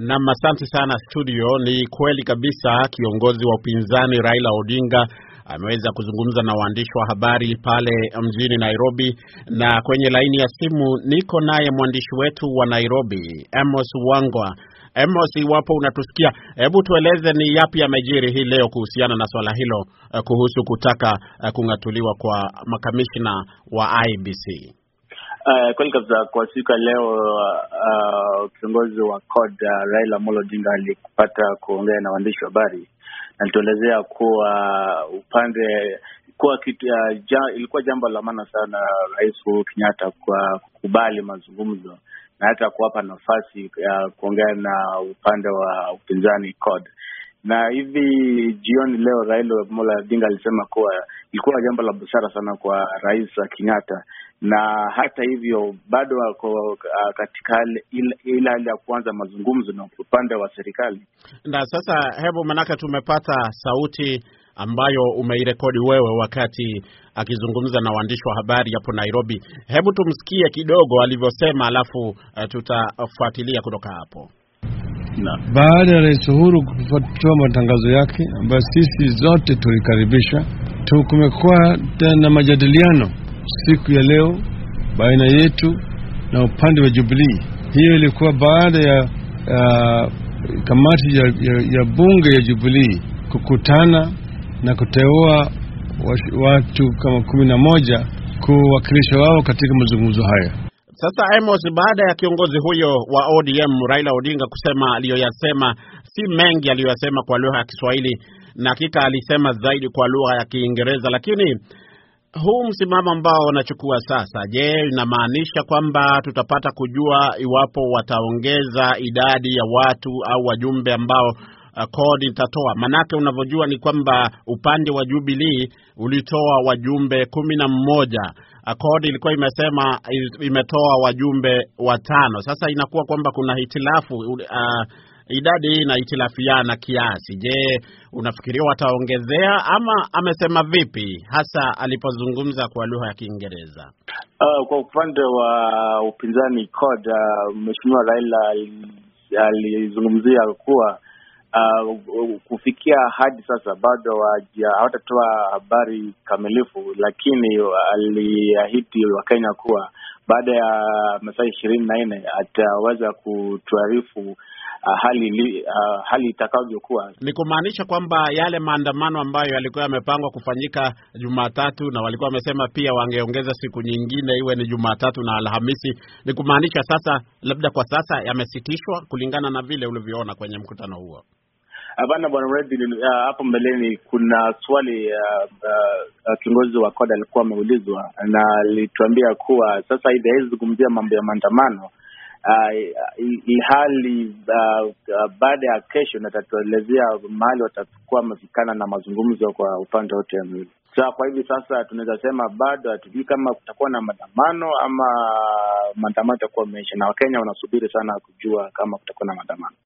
Nam, asante sana studio. Ni kweli kabisa, kiongozi wa upinzani Raila Odinga ameweza kuzungumza na waandishi wa habari pale mjini Nairobi, na kwenye laini ya simu niko naye mwandishi wetu wa Nairobi Amos Wangwa. Amos, iwapo unatusikia, hebu tueleze ni yapi yamejiri hii leo kuhusiana na swala hilo, eh, kuhusu kutaka eh, kung'atuliwa kwa makamishna wa IBC. Uh, kweli kabisa. Kwa siku ya leo uh, uh, wa CORD uh, Raila Amolo Odinga alikupata kuongea na waandishi wa habari, alituelezea kuwa upande kuwa kitu, uh, ja, ilikuwa jambo la maana sana Rais Uhuru Kenyatta kwa kukubali mazungumzo na hata kuwapa nafasi ya uh, kuongea na upande wa upinzani CORD, na hivi jioni leo Raila Amolo Odinga alisema kuwa ilikuwa jambo la busara sana kwa Rais Kenyatta, na hata hivyo bado wako ah, katika ile hali ya kuanza mazungumzo na upande wa serikali. Na sasa, hebu maanake tumepata sauti ambayo umeirekodi wewe wakati akizungumza na waandishi wa habari hapo Nairobi. Hebu tumsikie kidogo alivyosema, alafu uh, tutafuatilia kutoka hapo. baada ya Rais Uhuru kutoa matangazo yake ambayo sisi zote tulikaribisha tu kumekuwa na majadiliano siku ya leo baina yetu na upande wa Jubilee. Hiyo ilikuwa baada ya uh, kamati ya, ya, ya bunge ya Jubilee kukutana na kuteua watu kama kumi na moja kuwakilisha wao katika mazungumzo haya. Sasa Amos, baada ya kiongozi huyo wa ODM Raila Odinga kusema aliyoyasema, si mengi aliyoyasema kwa lugha ya Kiswahili, na hakika alisema zaidi kwa lugha ya Kiingereza. Lakini huu msimamo ambao unachukua sasa, je, inamaanisha kwamba tutapata kujua iwapo wataongeza idadi ya watu au wajumbe ambao uh, kodi itatoa? Manake unavyojua ni kwamba upande wa Jubilee ulitoa wajumbe kumi na mmoja uh, kodi ilikuwa imesema imetoa wajumbe watano. Sasa inakuwa kwamba kuna hitilafu uh, idadi hii inahitilafiana kiasi. Je, unafikiria wataongezea ama amesema vipi hasa alipozungumza kwa lugha ya Kiingereza? Uh, kwa upande wa upinzani CORD, uh, mheshimiwa Raila alizungumzia kuwa Uh, kufikia hadi sasa bado hawatatoa habari kamilifu, lakini aliahidi Wakenya kuwa baada ya masaa ishirini na nne ataweza kutuarifu uh, hali uh, hali itakavyokuwa. Ni kumaanisha kwamba yale maandamano ambayo yalikuwa yamepangwa kufanyika Jumatatu na walikuwa wamesema pia wangeongeza siku nyingine iwe ni Jumatatu na Alhamisi, ni kumaanisha sasa labda kwa sasa yamesitishwa kulingana na vile ulivyoona kwenye mkutano huo. Hapana bwana redi uh, hapo mbeleni kuna swali uh, uh, kiongozi wa koda alikuwa ameulizwa na alituambia kuwa sasa hivi hawezi zungumzia mambo ya maandamano uh, ihali uh, uh, baada ya kesho natatuelezea mahali watakuwa wamefikana na mazungumzo kwa upande wote mwili Sa kwa hivi sasa tunaweza sema bado hatujui kama kutakuwa na maandamano ama maandamano itakuwa meisha, na Wakenya wanasubiri sana kujua kama kutakuwa na maandamano.